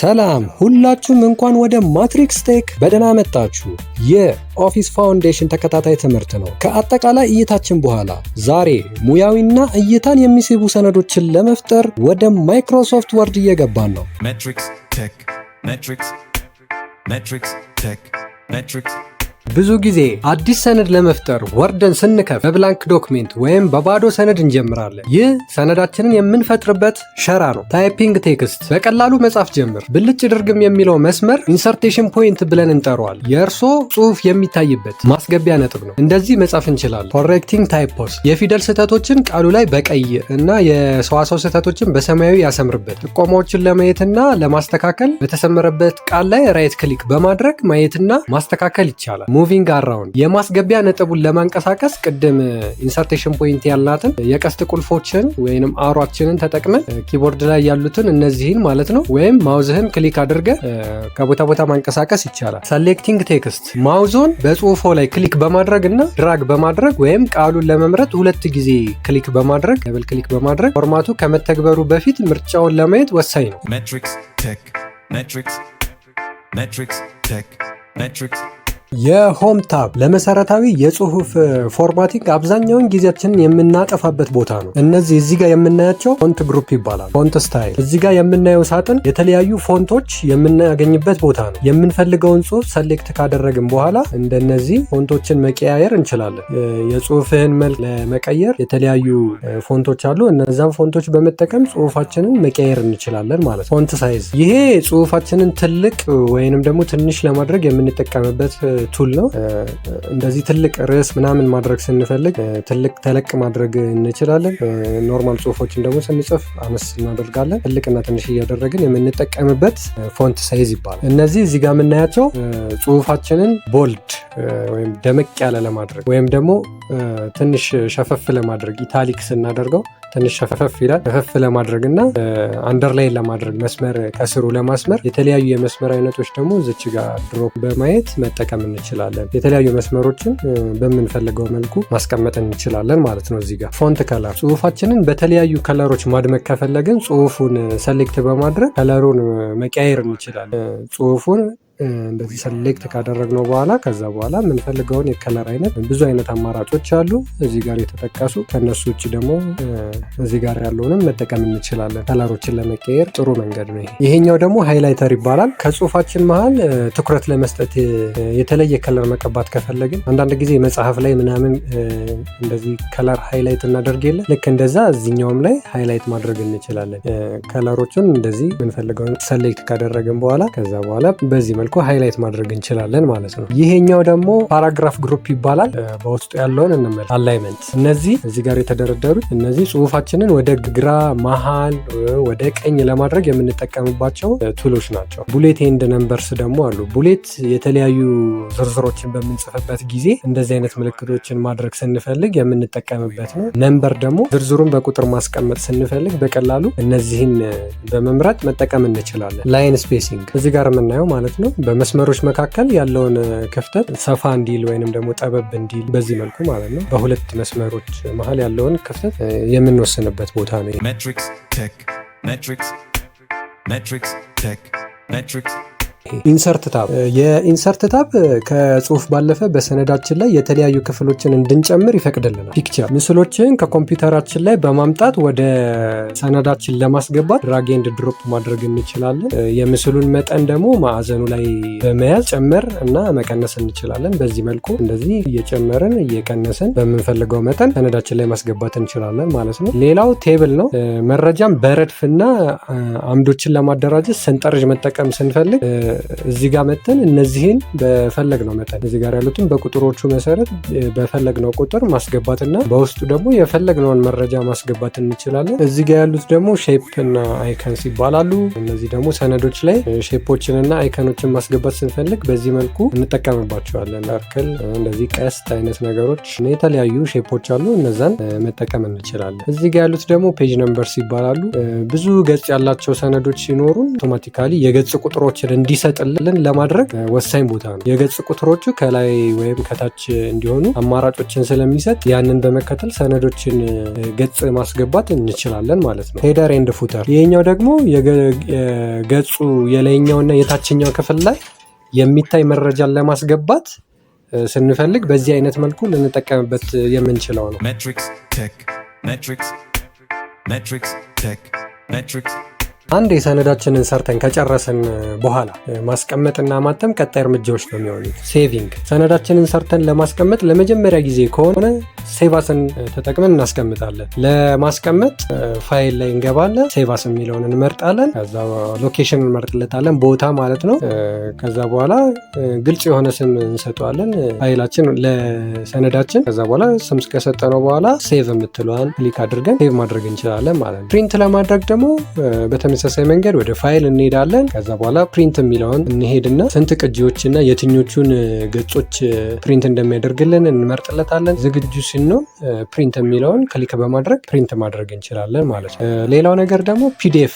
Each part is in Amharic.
ሰላም ሁላችሁም እንኳን ወደ ማትሪክስ ቴክ በደህና መጣችሁ። የኦፊስ ፋውንዴሽን ተከታታይ ትምህርት ነው። ከአጠቃላይ እይታችን በኋላ ዛሬ ሙያዊና እይታን የሚስቡ ሰነዶችን ለመፍጠር ወደ ማይክሮሶፍት ወርድ እየገባን ነው። ብዙ ጊዜ አዲስ ሰነድ ለመፍጠር ወርደን ስንከፍ በብላንክ ዶክሜንት ወይም በባዶ ሰነድ እንጀምራለን። ይህ ሰነዳችንን የምንፈጥርበት ሸራ ነው። ታይፒንግ ቴክስት በቀላሉ መጻፍ ጀምር። ብልጭ ድርግም የሚለው መስመር ኢንሰርቴሽን ፖይንት ብለን እንጠራዋል። የእርሶ ጽሑፍ የሚታይበት ማስገቢያ ነጥብ ነው። እንደዚህ መጻፍ እንችላለን። ኮሬክቲንግ ታይፖስ የፊደል ስህተቶችን ቃሉ ላይ በቀይ እና የሰዋሰው ስህተቶችን በሰማያዊ ያሰምርበት። ጥቆማዎችን ለማየትና ለማስተካከል በተሰመረበት ቃል ላይ ራይት ክሊክ በማድረግ ማየትና ማስተካከል ይቻላል። ሙቪንግ አራውንድ የማስገቢያ ነጥቡን ለማንቀሳቀስ ቅድም ኢንሰርቴሽን uh, ፖይንት ያላትን የቀስት ቁልፎችን ወይም አሯችንን ተጠቅመን ኪቦርድ uh, ላይ ያሉትን እነዚህን ማለት ነው ወይም ማውዝህን ክሊክ አድርገ ከቦታ ቦታ ማንቀሳቀስ ይቻላል። ሰሌክቲንግ ቴክስት ማውዞን በጽሁፎ ላይ ክሊክ በማድረግ እና ድራግ በማድረግ ወይም ቃሉን ለመምረጥ ሁለት ጊዜ ክሊክ በማድረግ ደብል ክሊክ በማድረግ ፎርማቱ ከመተግበሩ በፊት ምርጫውን ለማየት ወሳኝ ነው። የሆም ታብ ለመሰረታዊ የጽሁፍ ፎርማቲንግ አብዛኛውን ጊዜያችንን የምናጠፋበት ቦታ ነው። እነዚህ እዚህ ጋር የምናያቸው ፎንት ግሩፕ ይባላል። ፎንት ስታይል እዚህ ጋር የምናየው ሳጥን የተለያዩ ፎንቶች የምናገኝበት ቦታ ነው። የምንፈልገውን ጽሁፍ ሰሌክት ካደረግን በኋላ እንደነዚህ ፎንቶችን መቀያየር እንችላለን። የጽሁፍህን መልክ ለመቀየር የተለያዩ ፎንቶች አሉ። እነዛን ፎንቶች በመጠቀም ጽሁፋችንን መቀየር እንችላለን ማለት ነው። ፎንት ሳይዝ ይሄ ጽሁፋችንን ትልቅ ወይንም ደግሞ ትንሽ ለማድረግ የምንጠቀምበት ቱል ነው። እንደዚህ ትልቅ ርዕስ ምናምን ማድረግ ስንፈልግ ትልቅ ተለቅ ማድረግ እንችላለን። ኖርማል ጽሁፎችን ደግሞ ስንጽፍ አነስ እናደርጋለን። ትልቅና ትንሽ እያደረግን የምንጠቀምበት ፎንት ሳይዝ ይባላል። እነዚህ እዚህ ጋር የምናያቸው ጽሁፋችንን ቦልድ ወይም ደመቅ ያለ ለማድረግ ወይም ደግሞ ትንሽ ሸፈፍ ለማድረግ ኢታሊክ ስናደርገው ትንሽ ሸፈፍ ይላል። ሸፈፍ ለማድረግ እና አንደርላይን ለማድረግ መስመር ከስሩ ለማስመር የተለያዩ የመስመር አይነቶች ደግሞ ዝች ጋር ድሮፕ በማየት መጠቀም እንችላለን። የተለያዩ መስመሮችን በምንፈልገው መልኩ ማስቀመጥ እንችላለን ማለት ነው። እዚህ ጋር ፎንት ከለር ጽሁፋችንን በተለያዩ ከለሮች ማድመቅ ከፈለግን ጽሁፉን ሰሌክት በማድረግ ከለሩን መቀያየር እንችላለን ጽሁፉን እንደዚህ ሰሌክት ካደረግነው በኋላ ከዛ በኋላ የምንፈልገውን የከለር አይነት ብዙ አይነት አማራጮች አሉ እዚህ ጋር የተጠቀሱ። ከእነሱ ውጭ ደግሞ እዚህ ጋር ያለውንም መጠቀም እንችላለን። ከለሮችን ለመቀየር ጥሩ መንገድ ነው ይሄኛው ደግሞ ሃይላይተር ይባላል። ከጽሁፋችን መሀል ትኩረት ለመስጠት የተለየ ከለር መቀባት ከፈለግን አንዳንድ ጊዜ መጽሐፍ ላይ ምናምን እንደዚህ ከለር ሃይላይት እናደርግ የለ ልክ እንደዛ እዚኛውም ላይ ሃይላይት ማድረግ እንችላለን። ከለሮቹን እንደዚህ የምንፈልገውን ሰሌክት ካደረግን በኋላ ከዛ በኋላ በዚህ መልኩ መልኩ ሃይላይት ማድረግ እንችላለን ማለት ነው። ይሄኛው ደግሞ ፓራግራፍ ግሩፕ ይባላል። በውስጡ ያለውን እንመ አላይመንት እነዚህ እዚህ ጋር የተደረደሩት እነዚህ ጽሁፋችንን ወደ ግራ መሀል፣ ወደ ቀኝ ለማድረግ የምንጠቀምባቸው ቱሎች ናቸው። ቡሌት ኤንድ ነምበርስ ደግሞ አሉ። ቡሌት የተለያዩ ዝርዝሮችን በምንጽፍበት ጊዜ እንደዚህ አይነት ምልክቶችን ማድረግ ስንፈልግ የምንጠቀምበት ነው። ነምበር ደግሞ ዝርዝሩን በቁጥር ማስቀመጥ ስንፈልግ በቀላሉ እነዚህን በመምረጥ መጠቀም እንችላለን። ላይን ስፔሲንግ እዚህ ጋር የምናየው ማለት ነው። በመስመሮች መካከል ያለውን ክፍተት ሰፋ እንዲል ወይንም ደግሞ ጠበብ እንዲል በዚህ መልኩ ማለት ነው በሁለት መስመሮች መሀል ያለውን ክፍተት የምንወስንበት ቦታ ነው። ኢንሰርት ታብ የኢንሰርት ታብ ከጽሁፍ ባለፈ በሰነዳችን ላይ የተለያዩ ክፍሎችን እንድንጨምር ይፈቅድልናል። ፒክቸር ምስሎችን ከኮምፒውተራችን ላይ በማምጣት ወደ ሰነዳችን ለማስገባት ድራግ ኤንድ ድሮፕ ማድረግ እንችላለን። የምስሉን መጠን ደግሞ ማዕዘኑ ላይ በመያዝ ጨመር እና መቀነስ እንችላለን። በዚህ መልኩ እንደዚህ እየጨመርን እየቀነስን በምንፈልገው መጠን ሰነዳችን ላይ ማስገባት እንችላለን ማለት ነው። ሌላው ቴብል ነው። መረጃም በረድፍና አምዶችን ለማደራጀት ሰንጠረዥ መጠቀም ስንፈልግ እዚህ ጋር መተን እነዚህን በፈለግነው መጠን እዚህ ጋር ያሉትን በቁጥሮቹ መሰረት በፈለግነው ቁጥር ማስገባትና በውስጡ ደግሞ የፈለግነውን መረጃ ማስገባት እንችላለን። እዚህ ጋር ያሉት ደግሞ ሼፕ እና አይከንስ ይባላሉ። እነዚህ ደግሞ ሰነዶች ላይ ሼፖችንና አይከኖችን ማስገባት ስንፈልግ በዚህ መልኩ እንጠቀምባቸዋለን። እርክል፣ እንደዚህ ቀስት አይነት ነገሮች የተለያዩ ሼፖች አሉ። እነዛን መጠቀም እንችላለን። እዚህ ጋር ያሉት ደግሞ ፔጅ ነምበርስ ይባላሉ። ብዙ ገጽ ያላቸው ሰነዶች ሲኖሩን አውቶማቲካሊ የገጽ ቁጥሮችን እንዲ እንዲሰጥልን ለማድረግ ወሳኝ ቦታ ነው። የገጽ ቁጥሮቹ ከላይ ወይም ከታች እንዲሆኑ አማራጮችን ስለሚሰጥ ያንን በመከተል ሰነዶችን ገጽ ማስገባት እንችላለን ማለት ነው። ሄደር ኤንድ ፉተር ይሄኛው ደግሞ ገጹ የላይኛውና የታችኛው ክፍል ላይ የሚታይ መረጃን ለማስገባት ስንፈልግ በዚህ አይነት መልኩ ልንጠቀምበት የምንችለው ነው። አንድ የሰነዳችንን ሰርተን ከጨረስን በኋላ ማስቀመጥና ማተም ቀጣይ እርምጃዎች ነው የሚሆኑት። ሴቪንግ ሰነዳችንን ሰርተን ለማስቀመጥ ለመጀመሪያ ጊዜ ከሆነ ሴቫስን ተጠቅመን እናስቀምጣለን። ለማስቀመጥ ፋይል ላይ እንገባለን። ሴቫስ የሚለውን እንመርጣለን። ከዛ ሎኬሽን እንመርጥለታለን፣ ቦታ ማለት ነው። ከዛ በኋላ ግልጽ የሆነ ስም እንሰጠዋለን ፋይላችን ለሰነዳችን። ከዛ በኋላ ስም ከሰጠነው በኋላ ሴቭ የምትለዋን ክሊክ አድርገን ሴቭ ማድረግ እንችላለን ማለት ነው። ፕሪንት ለማድረግ ደግሞ በተመሳሳይ መንገድ ወደ ፋይል እንሄዳለን። ከዛ በኋላ ፕሪንት የሚለውን እንሄድና ስንት ቅጂዎችና የትኞቹን ገጾች ፕሪንት እንደሚያደርግልን እንመርጥለታለን። ዝግጁ ሲና ነው ፕሪንት የሚለውን ክሊክ በማድረግ ፕሪንት ማድረግ እንችላለን ማለት ነው። ሌላው ነገር ደግሞ ፒዲኤፍ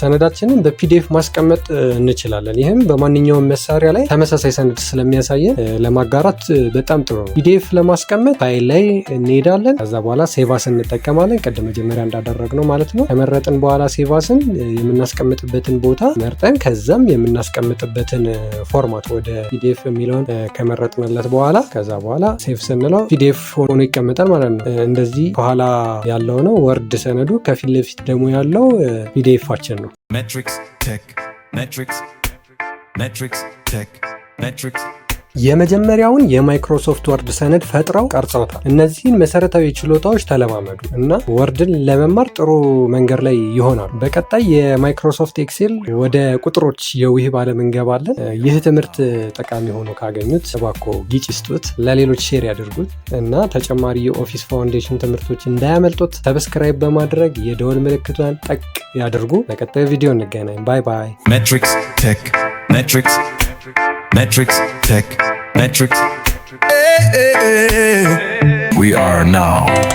ሰነዳችንን በፒዲኤፍ ማስቀመጥ እንችላለን። ይህም በማንኛውም መሳሪያ ላይ ተመሳሳይ ሰነድ ስለሚያሳየን ለማጋራት በጣም ጥሩ ነው። ፒዲኤፍ ለማስቀመጥ ፋይል ላይ እንሄዳለን። ከዛ በኋላ ሴቫስ እንጠቀማለን። ቅድም መጀመሪያ እንዳደረግ ነው ማለት ነው። ከመረጥን በኋላ ሴቫስን የምናስቀምጥበትን ቦታ መርጠን ከዛም የምናስቀምጥበትን ፎርማት ወደ ፒዲኤፍ የሚለውን ከመረጥንለት በኋላ ከዛ በኋላ ሴቭ ስንለው ፒዲኤፍ ሆኖ ይቀመጣል ማለት ነው። እንደዚህ ከኋላ ያለው ነው ወርድ ሰነዱ፣ ከፊት ለፊት ደግሞ ያለው ፒዲኤፋችን ነው። የመጀመሪያውን የማይክሮሶፍት ወርድ ሰነድ ፈጥረው ቀርጸውታል። እነዚህን መሰረታዊ ችሎታዎች ተለማመዱ እና ወርድን ለመማር ጥሩ መንገድ ላይ ይሆናሉ። በቀጣይ የማይክሮሶፍት ኤክሴል ወደ ቁጥሮች የውህ ዓለም እንገባለን። ይህ ትምህርት ጠቃሚ ሆኖ ካገኙት እባክዎ ጊጭ ስጡት፣ ለሌሎች ሼር ያድርጉት እና ተጨማሪ የኦፊስ ፋውንዴሽን ትምህርቶች እንዳያመልጡት ሰብስክራይብ በማድረግ የደወል ምልክቷን ጠቅ ያድርጉ። በቀጣዩ ቪዲዮ እንገናኝ። ባይ ባይ። Metrics Tech Metrics. We are now.